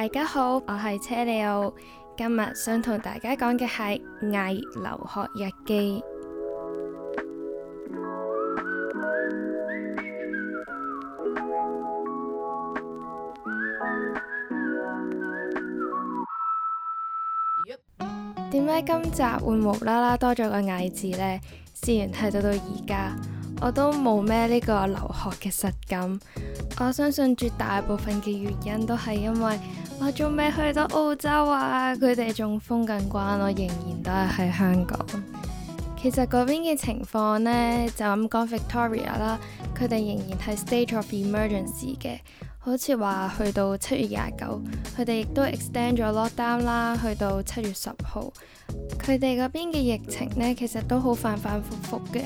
大家好，我係車里奧，今日想同大家講嘅係偽留學日記。點解今集會無啦啦多咗個偽字呢？自然係到到而家我都冇咩呢個留學嘅實感。我相信絕大部分嘅原因都係因為。我仲未去到澳洲啊！佢哋仲封緊關，我仍然都係喺香港。其實嗰邊嘅情況呢，就咁講 Victoria 啦，佢哋仍然係 state of emergency 嘅。好似話去到七月廿九，佢哋亦都 extend 咗 lockdown 啦，去到七月十號。佢哋嗰邊嘅疫情呢，其實都好反反覆覆嘅，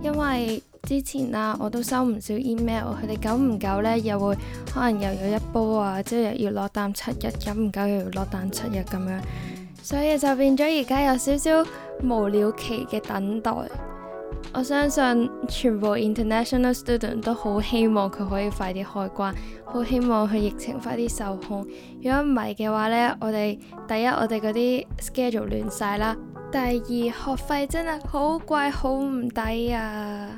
因為。之前啊，我都收唔少 email，佢哋久唔久呢，又會可能又有一波啊，即係又要落單七日，久唔久又要落單七日咁樣，所以就變咗而家有少少無了期嘅等待。我相信全部 international student 都好希望佢可以快啲開關，好希望佢疫情快啲受控。如果唔係嘅話呢，我哋第一我哋嗰啲 schedule 亂晒啦，第二學費真係好貴，好唔抵啊！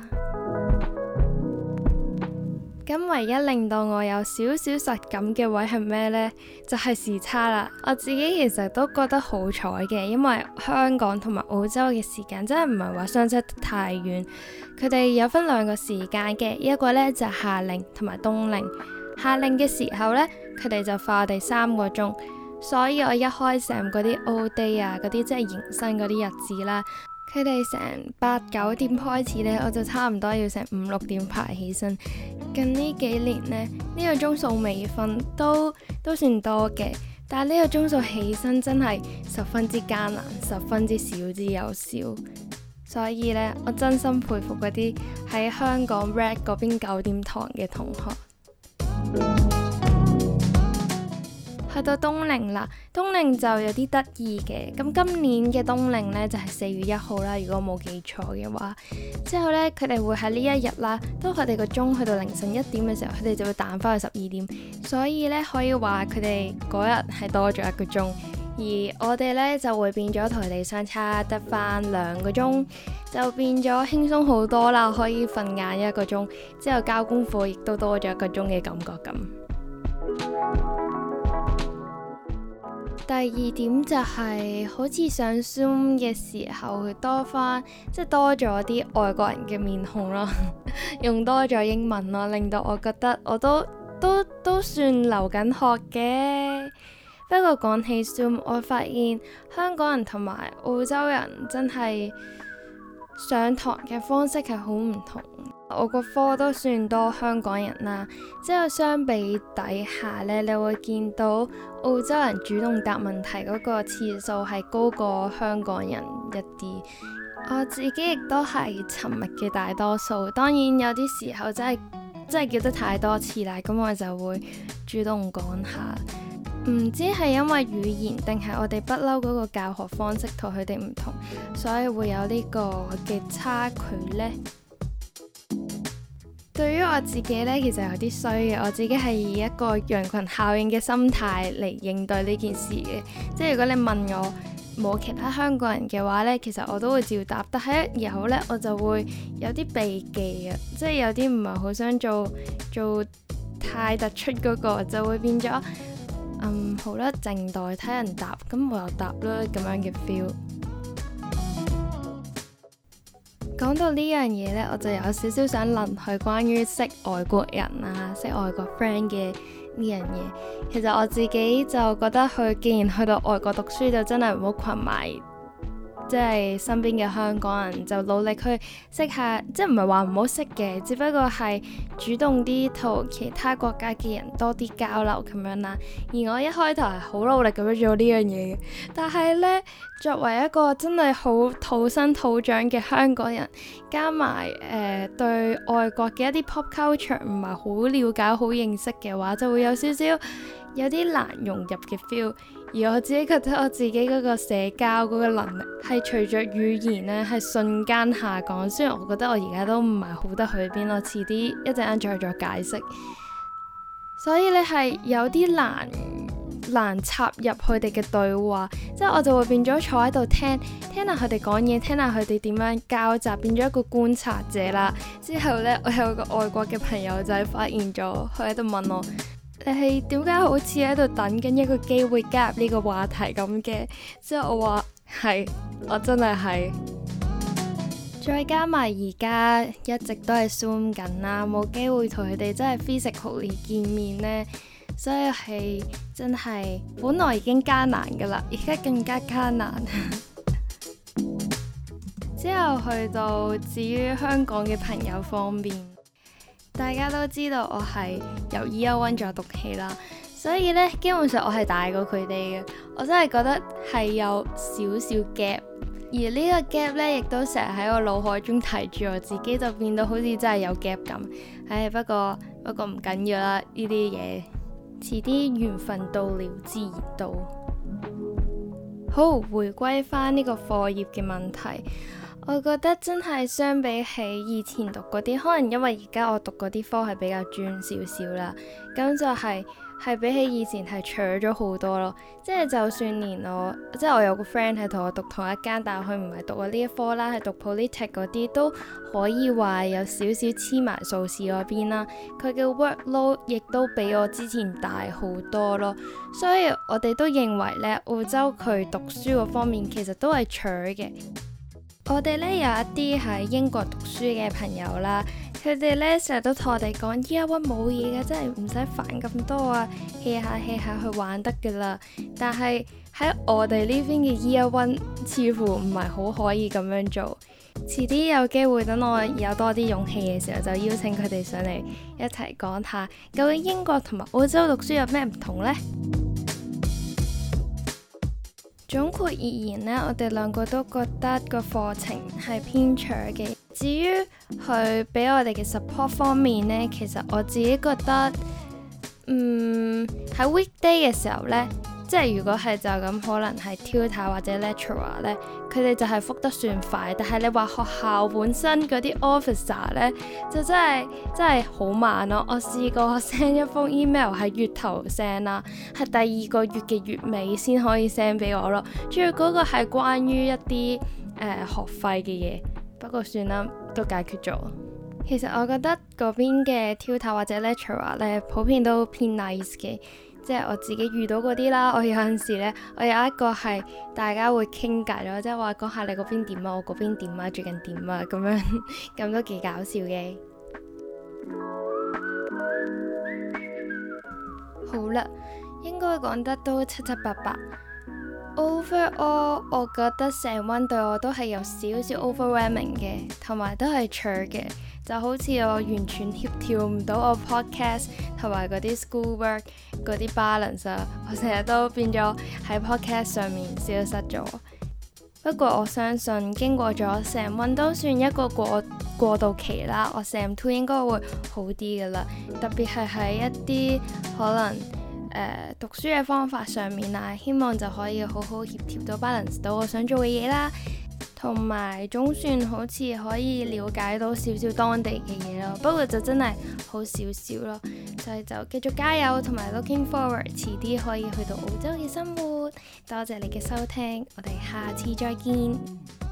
咁唯一令到我有少少實感嘅位係咩呢？就係時差啦。我自己其實都覺得好彩嘅，因為香港同埋澳洲嘅時間真係唔係話相差得太遠。佢哋有分兩個時間嘅，一個呢就係夏令同埋冬令。夏令嘅時候呢，佢哋就快我哋三個鐘，所以我一開 s 嗰啲 O Day 啊，嗰啲即係迎新嗰啲日子啦。佢哋成八九點開始呢，我就差唔多要成五六點排起身。近呢幾年呢，呢個鐘數未瞓都都算多嘅，但係呢個鐘數起身真係十分之艱難，十分之少之又少。所以呢，我真心佩服嗰啲喺香港 red 嗰邊九點堂嘅同學。去到冬令啦，冬令就有啲得意嘅。咁今年嘅冬令呢，就係四月一號啦，如果冇記錯嘅話。之後呢，佢哋會喺呢一日啦，當佢哋個鐘去到凌晨一點嘅時候，佢哋就會彈翻去十二點。所以呢，可以話佢哋嗰日係多咗一個鐘，而我哋呢，就會變咗同佢哋相差得翻兩個鐘，就變咗輕鬆好多啦，可以瞓晏一個鐘，之後交功課亦都多咗一個鐘嘅感覺咁。第二點就係、係、好似上 Zoom 嘅時候會多，多翻即係多咗啲外國人嘅面孔咯，用多咗英文咯，令到我覺得我都都都算留緊學嘅。不過講起 Zoom，我發現香港人同埋澳洲人真係上堂嘅方式係好唔同。我個科都算多香港人啦，之後相比底下呢，你會見到澳洲人主動答問題嗰個次數係高過香港人一啲。我自己亦都係沉默嘅大多數，當然有啲時候真係真係叫得太多次啦，咁我就會主動講下。唔知係因為語言定係我哋不嬲嗰個教學方式同佢哋唔同，所以會有呢個嘅差距呢。對於我自己呢，其實有啲衰嘅。我自己係以一個羊群效應嘅心態嚟應對呢件事嘅。即係如果你問我冇其他香港人嘅話呢，其實我都會照答。但係一有呢，我就會有啲避忌啊，即係有啲唔係好想做做太突出嗰個，就會變咗嗯好啦，靜待睇人答，咁我又答啦咁樣嘅 feel。講到呢樣嘢呢，我就有少少想諗，佢關於識外國人啊，識外國 friend 嘅呢樣嘢。其實我自己就覺得，佢既然去到外國讀書，就真係唔好羣埋。即係身邊嘅香港人，就努力去識下，即係唔係話唔好識嘅，只不過係主動啲同其他國家嘅人多啲交流咁樣啦。而我一開頭係好努力咁樣做呢樣嘢嘅，但係呢，作為一個真係好土生土長嘅香港人，加埋誒、呃、對外國嘅一啲 pop culture 唔係好了解、好認識嘅話，就會有少少有啲難融入嘅 feel。而我自己覺得我自己嗰個社交嗰個能力係隨着語言呢係瞬間下降，雖然我覺得我而家都唔係好得去邊咯，遲啲一陣間再作解釋。所以你係有啲難難插入佢哋嘅對話，即係我就會變咗坐喺度聽聽下佢哋講嘢，聽下佢哋點樣交集，變咗一個觀察者啦。之後呢，我有個外國嘅朋友就係發現咗，佢喺度問我。你係點解好似喺度等緊一個機會加入呢個話題咁嘅？之後我話係，我真係係。再加埋而家一直都係 Zoom 緊啦，冇機會同佢哋真係 physically 見面呢。所以係真係本來已經艱難㗎喇，而家更加艱難。 之後去到至於香港嘅朋友方面。大家都知道我係由 Year One 再讀起啦，所以呢，基本上我係大過佢哋嘅，我真係覺得係有少少 gap，而個呢個 gap 咧亦都成日喺我腦海中提住，我自己就變到好似真係有 gap 咁。唉、哎，不過不過唔緊要啦，呢啲嘢，遲啲緣分到了自然到。好，回歸翻呢個課業嘅問題。我覺得真係相比起以前讀嗰啲，可能因為而家我讀嗰啲科係比較專少少啦，咁就係、係、係比起以前係搶咗好多咯。即係就算連我，即係我有個 friend 係同我讀同一間，但係佢唔係讀我呢一科啦，係讀 politic 嗰啲，都可以話有少少黐埋數字嗰邊啦。佢嘅 workload 亦都比我之前大好多咯。所以我哋都認為呢，澳洲佢讀書嗰方面其實都係搶嘅。我哋咧有一啲喺英國讀書嘅朋友啦，佢哋咧成日都同我哋講 Year One 冇嘢嘅，真係唔使煩咁多啊，hea 下 hea 下去玩得嘅啦。但係喺我哋呢邊嘅 Year One 似乎唔係好可以咁樣做。遲啲有機會，等我有多啲勇氣嘅時候，就邀請佢哋上嚟一齊講下，究竟英國同埋澳洲讀書有咩唔同呢？總括而言呢，我哋兩個都覺得個課程係偏長嘅。至於佢俾我哋嘅 support 方面呢，其實我自己覺得，嗯，喺 weekday 嘅時候呢。即係如果係就咁，可能係 tutor 或者 lecturer 咧，佢哋就係覆得算快。但係你話學校本身嗰啲 officer 咧，就真係真係好慢咯。我試過 send 一封 email 喺月頭 send 啦，係第二個月嘅月尾先可以 send 俾我咯。仲要嗰個係關於一啲誒、呃、學費嘅嘢，不過算啦，都解決咗。其實我覺得嗰邊嘅 tutor 或者 lecturer 咧，普遍都偏 nice 嘅。即係我自己遇到嗰啲啦，我有陣時呢，我有一個係大家會傾偈咯，即係話講下你嗰邊點啊，我嗰邊點啊，最近點啊，咁樣，咁都幾搞笑嘅。好啦，應該講得都七七八八。Overall，我覺得成温對我都係有少少 overwhelming 嘅，同埋都係 chur 嘅，就好似我完全協調唔到我 podcast 同埋嗰啲 schoolwork 嗰啲 balance 啊，我成日都變咗喺 podcast 上面消失咗。不過我相信經過咗成温都算一個過過渡期啦，我成 two 應該會好啲㗎啦，特別係喺一啲可能。誒、uh, 讀書嘅方法上面啊，希望就可以好好協調到 balance 到我想做嘅嘢啦，同埋總算好似可以了解到少少當地嘅嘢咯，不過就真係好少少咯，所以就繼續加油同埋 looking forward，遲啲可以去到澳洲嘅生活。多謝你嘅收聽，我哋下次再見。